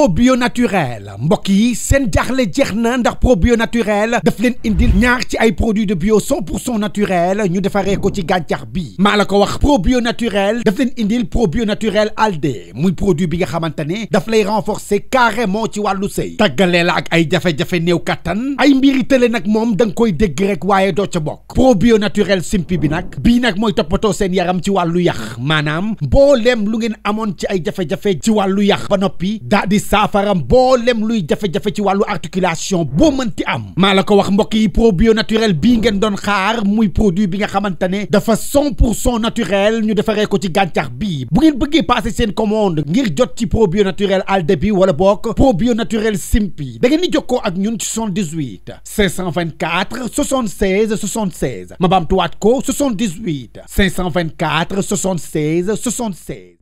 probio naturel mbokk yi seen jaaxle jeex ndax probio naturel daf leen indil ñaar ci ay de bio 100 naturel ñu defaree ko ci gàncax bi wax probio naturel daf leen indil probio naturel alde muy produit bi nga xamantane daf lay renforcer carrément ci walu sey tagalé la ak ay jafé jafé new katan ay mbiri tële nag moom koy dégg rek probio naturel simpi bi nak bi tu moy topoto sen yaram ci walu yax Manam. Bolem lu ngeen amone ci ay ci ba saafara mboolem luy jafé jafé ci walu articulation boo ti am malako wax mbokk yi probio naturel bi ngeen don xaar muy produit bi nga xamantane de dafa 100 naturelle, nous naturel ñu defaree ko ci gàncax bi bu ngeen bëggé passer seen commande ngir jot ci probio naturel alde bi wala bok probio naturel simpi da ngeen di jokkoo ak ñun ci 78 524 76 76 ma baamtuwaat ko 78 524 76 76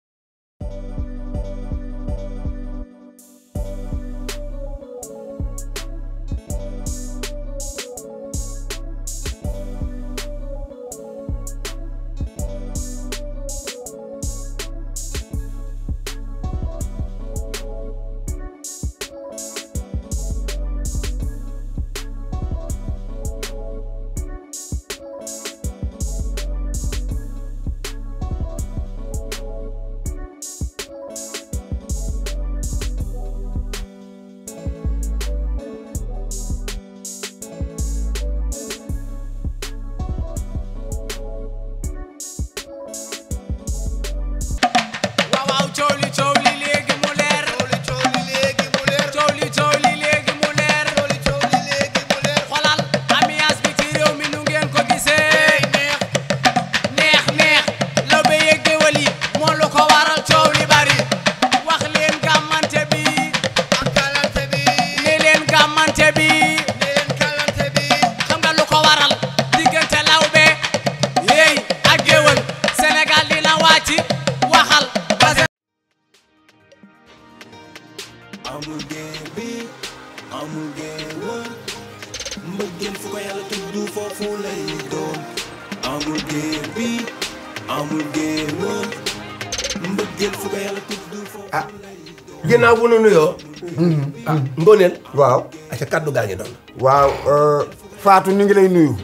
ginnaaw bu nu nuyoo. Mm-hmm. ah waaw ayca kaddu gaa ngi doon. waaw euh, Fatou ñu ngi lay nuyu.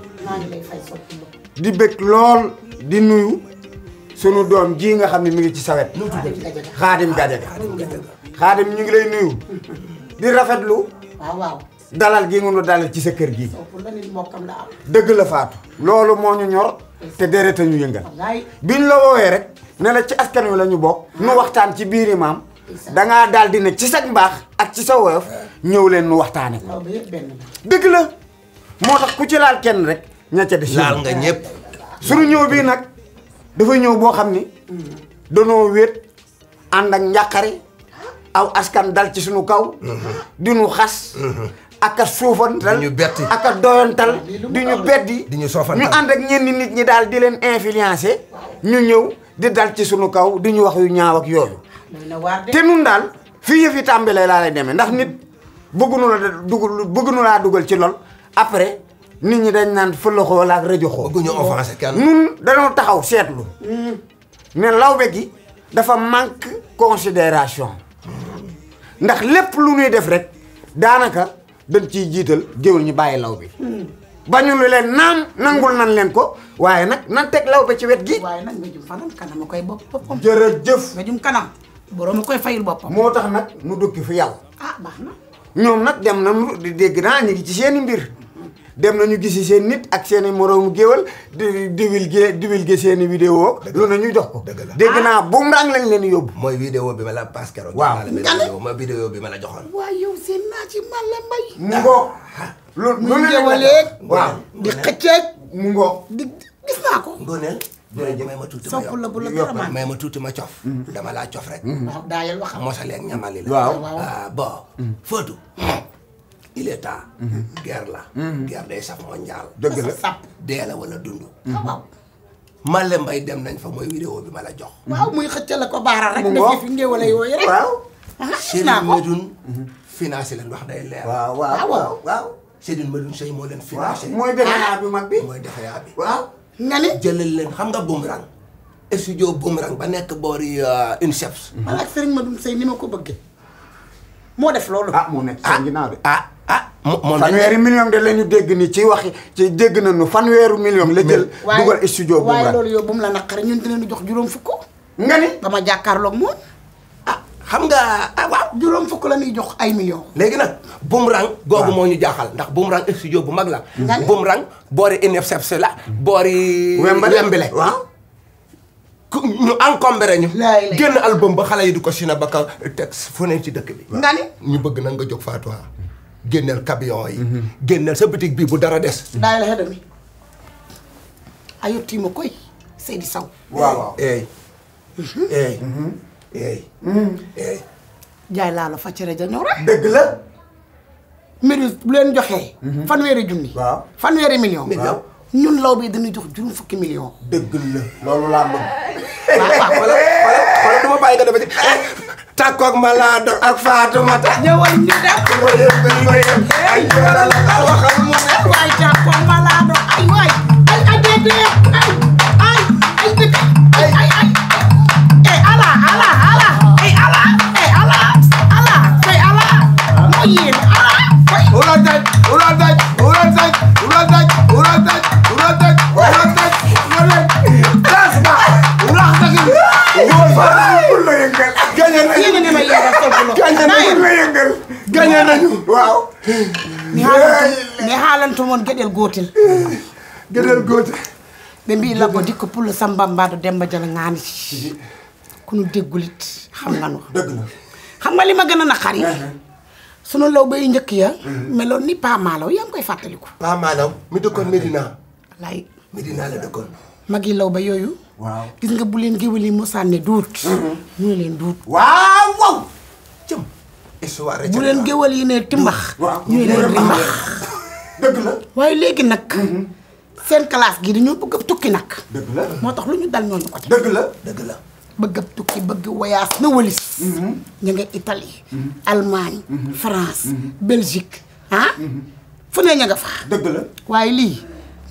di bëgg lool di nuyu. sunu doom jii nga xam ne mi ngi ci sawet xaadim Gajaga xaadim ñu ngi lay nuyu. di rafetlu. waaw waaw. dalal gi nga nu dalal ci sa kër gi dëgg la faatu loolu moo ñu ñor te deret ñu yëngal. biñ la woowee rek ne ci askan wi lañu bokk. nu waxtaan ci biiri maam. dangaa daal di ne ci sa mbaax ak ci sa woyof ñëw leen nu waxtaane ko dëgg la moo tax ku ci laal kenn rek ña ca des ñëpp suñu ñëw bii nag dafa ñëw boo xam ni danoo wéet ànd ak aw askan dal ci suñu kaw di nu xas ak a suufantal ñu betti ak a doyantal di ñu beddi di ñu ànd ak ñenn nit ñi daal di leen influencer ñu ñëw di dal ci suñu kaw di ñu wax yu ñaaw ak yooyu te nun daal fii yëf yi tàmbalee laa lay demee ndax nit bëggunu la dugal bëggunu laa dugal ci lool après nit ñi dañ naan fëlaxoo la ak rajoxoo bëgguñu offensé kenn nun dañoo taxaw seetlu hmm. ne lawbe gi dafa manque considération ndax lépp lu ñuy def rek daanaka dañ ciy jiital géwél ñu bàyyi law bi hmm. bañu leen naam nangul nan leen ko waaye nag nan teg law bi ci wet gi waaye nag nga jum fanam koy bopp boppam jërëjëf nga kanam borom a koy fayil boppam. moo tax nag mu dukki fu yàlla. ah na. ñoom nag dem nañu dégg naa ñu ngi ci seen mbir. dem nañu gisi seen nit ak seen i moroomu géwal di divulguer divulguer seen i vidéo lu na ñu jox ko. dëgg la dégg ah. naa buumrang lañ leen yóbbu. mooy vidéo bi ma la paas keroog. waaw bi ma la joxoon. waaw yow seen naa ci Mballa Mbaye. mu ngoog lu lu leen di waaw di xëcceeg mu ngoog di gis naa ko. jërëjëf may ma tuuti ma yokk la bu la gërëmaa may ma tuuti cof. Mm-hmm. dama laa cof rek. Mm-hmm. waaw daayal waxam mosaleeg ñamali la. waaw waaw ah, bon. Mm-hmm. Fodou. il est temps. guerre la. guerre day saf mondial. dëgg la sap dee la wala dund. waaw. Malle Mbaye dem nañ fa mooy vidéo bi ma la jox. waaw muy la ko baara rek. mu ngoog def fi ngéwale yooyu rek. waaw. Ah, Serigne Medoune leen wax day leer. waaw waaw ah, waaw. Serigne Medoune Seye moo leen. financé mooy defeyaa bi bi waaw. nga ne jëlal leen xam nga boomerang studio boomerang ba nekk boori euh, UNICEF. man mm-hmm. ak Serigne Madoum Seye ni ma ko bëggee moo def loolu. ah moo nekk seen ginnaaw de ah ah. ah moom fanweeri million de la ñu dégg ni ci waxi ci dégg nañu fanweeru million la jël dugal studio boomerang waaye loolu yow bu mu la naqari ñun dinañu jox juróom fukk. nga ni dama jàkkaarloog moom. xam nga ah waaw juróom fukk la ñuy jox ay millions. léegi nag boomerang. googu moo ñu jaaxal ndax boomerang studio bu mag la. nga ne boomerang boori INEFCC la. boori. Wembale Wembale waaw. ñu encombré ñu. génn album ba xale yi du ko Chine ba ka teg fu ne ci dëkk bi. nga ne ñu bëgg nag nga jóg Fatou génneel camion yi. Mhm. génneel sa boutique bii bu dara des. daay la xedami ayut tii ma waaw waaw mhm. eey eh, eh. mhm. eey eey jaay laa fa cere ja ñor dëgg la mairie bu leen joxee fanweeri junni waaw fanweeri million ñun law bi dañuy jox juróom fukki million dëgg la loolu laa bëgg wala ma bàyyi nga defati takkoog ma laa dox ñu def ko yëpp ko yëpp ay jora la waxal mu ne waay takkoog ma laa dox ay waay ay ay mi haalanta mi haalantomoon gueɗel gootel gueɗel gootel di mbi labbo dikka pulla samba mbaɗo demba diala ŋaani kono deggulit xam ngano xam nga li ma gën a naqari sunu law bay njëkk ya meloon ni Paa Malaw yaa ngi koy fàttaliku Paa Malaw mi dëkkoon Médina lay Médina la dëkkoon mag yi law ba yooyu waaw gis nga bu leen géwél yi mosanne duut ñu leen duut waaw waaw bu leen géwal yi ne timbax ñuy leen timbax dëgg la waaye léegi nag mm-hmm. seen classe gi dañoo bëgg ab tukki nag dëgg moo tax lu ñu dal ñooñu ko teg dëgg la dëgg la bëgg ab tukki bëgg voyage na walis mm-hmm. ñu nga Italie mm-hmm. Allemagne France Belgique ah fu ne ña nga faa dëgg la waaye lii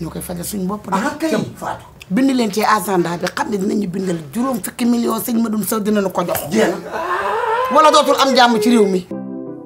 ñoo koy fajal suñu bopp da ah, kay faatu bind leen ci agenda bi xam ne dinañu bindal juróom fukki million sëñ Madoum Sow dinañu ko jox wala dootul am jàmm ci réew mi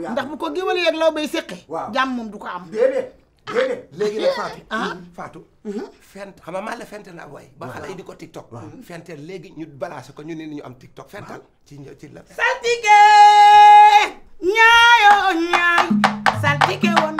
moom ndax bu ko géwal yeeg law bay séqee waaw jàmm moom du ko am déedéet déedéet ah. léegi nag Fatou ah hmm. Fatou hmm. fent xam nga maa la fente na waay ba xale yi di ko TikTok hmm. fenteel léegi ñu balaase ko ñu ne ñu am TikTok fental ci ci la saltige ñaayo ñaay saltige woon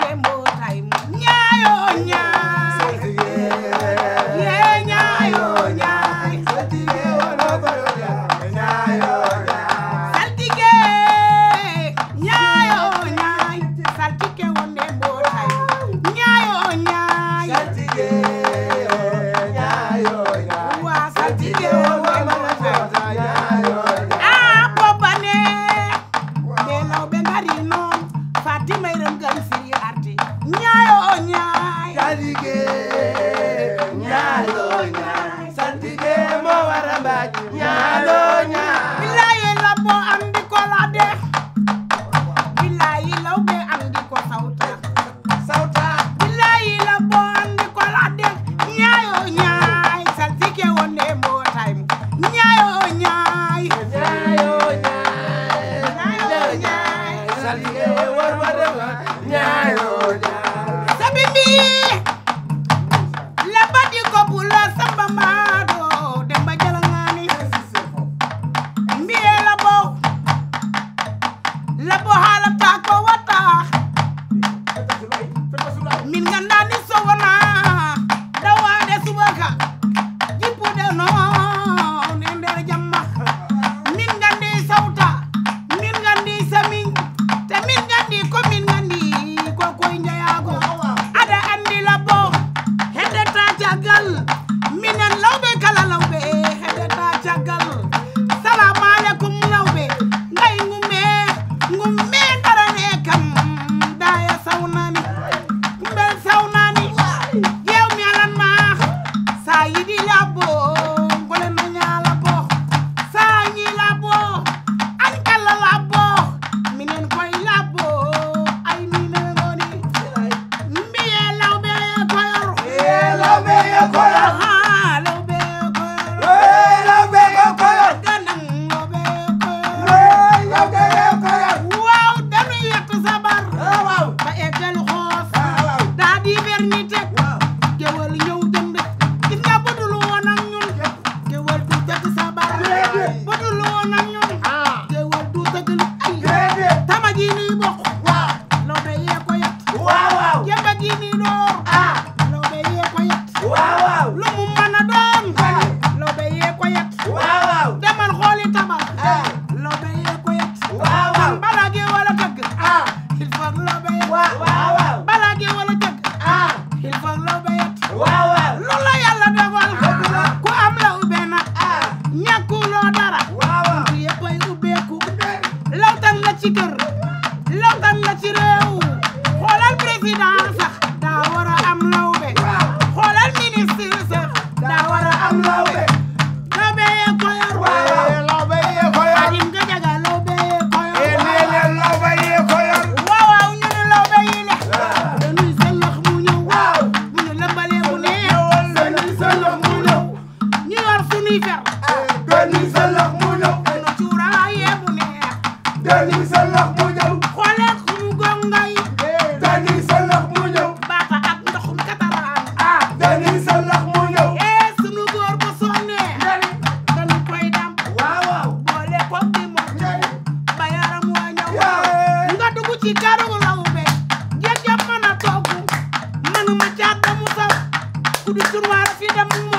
Turma, filha, mãe.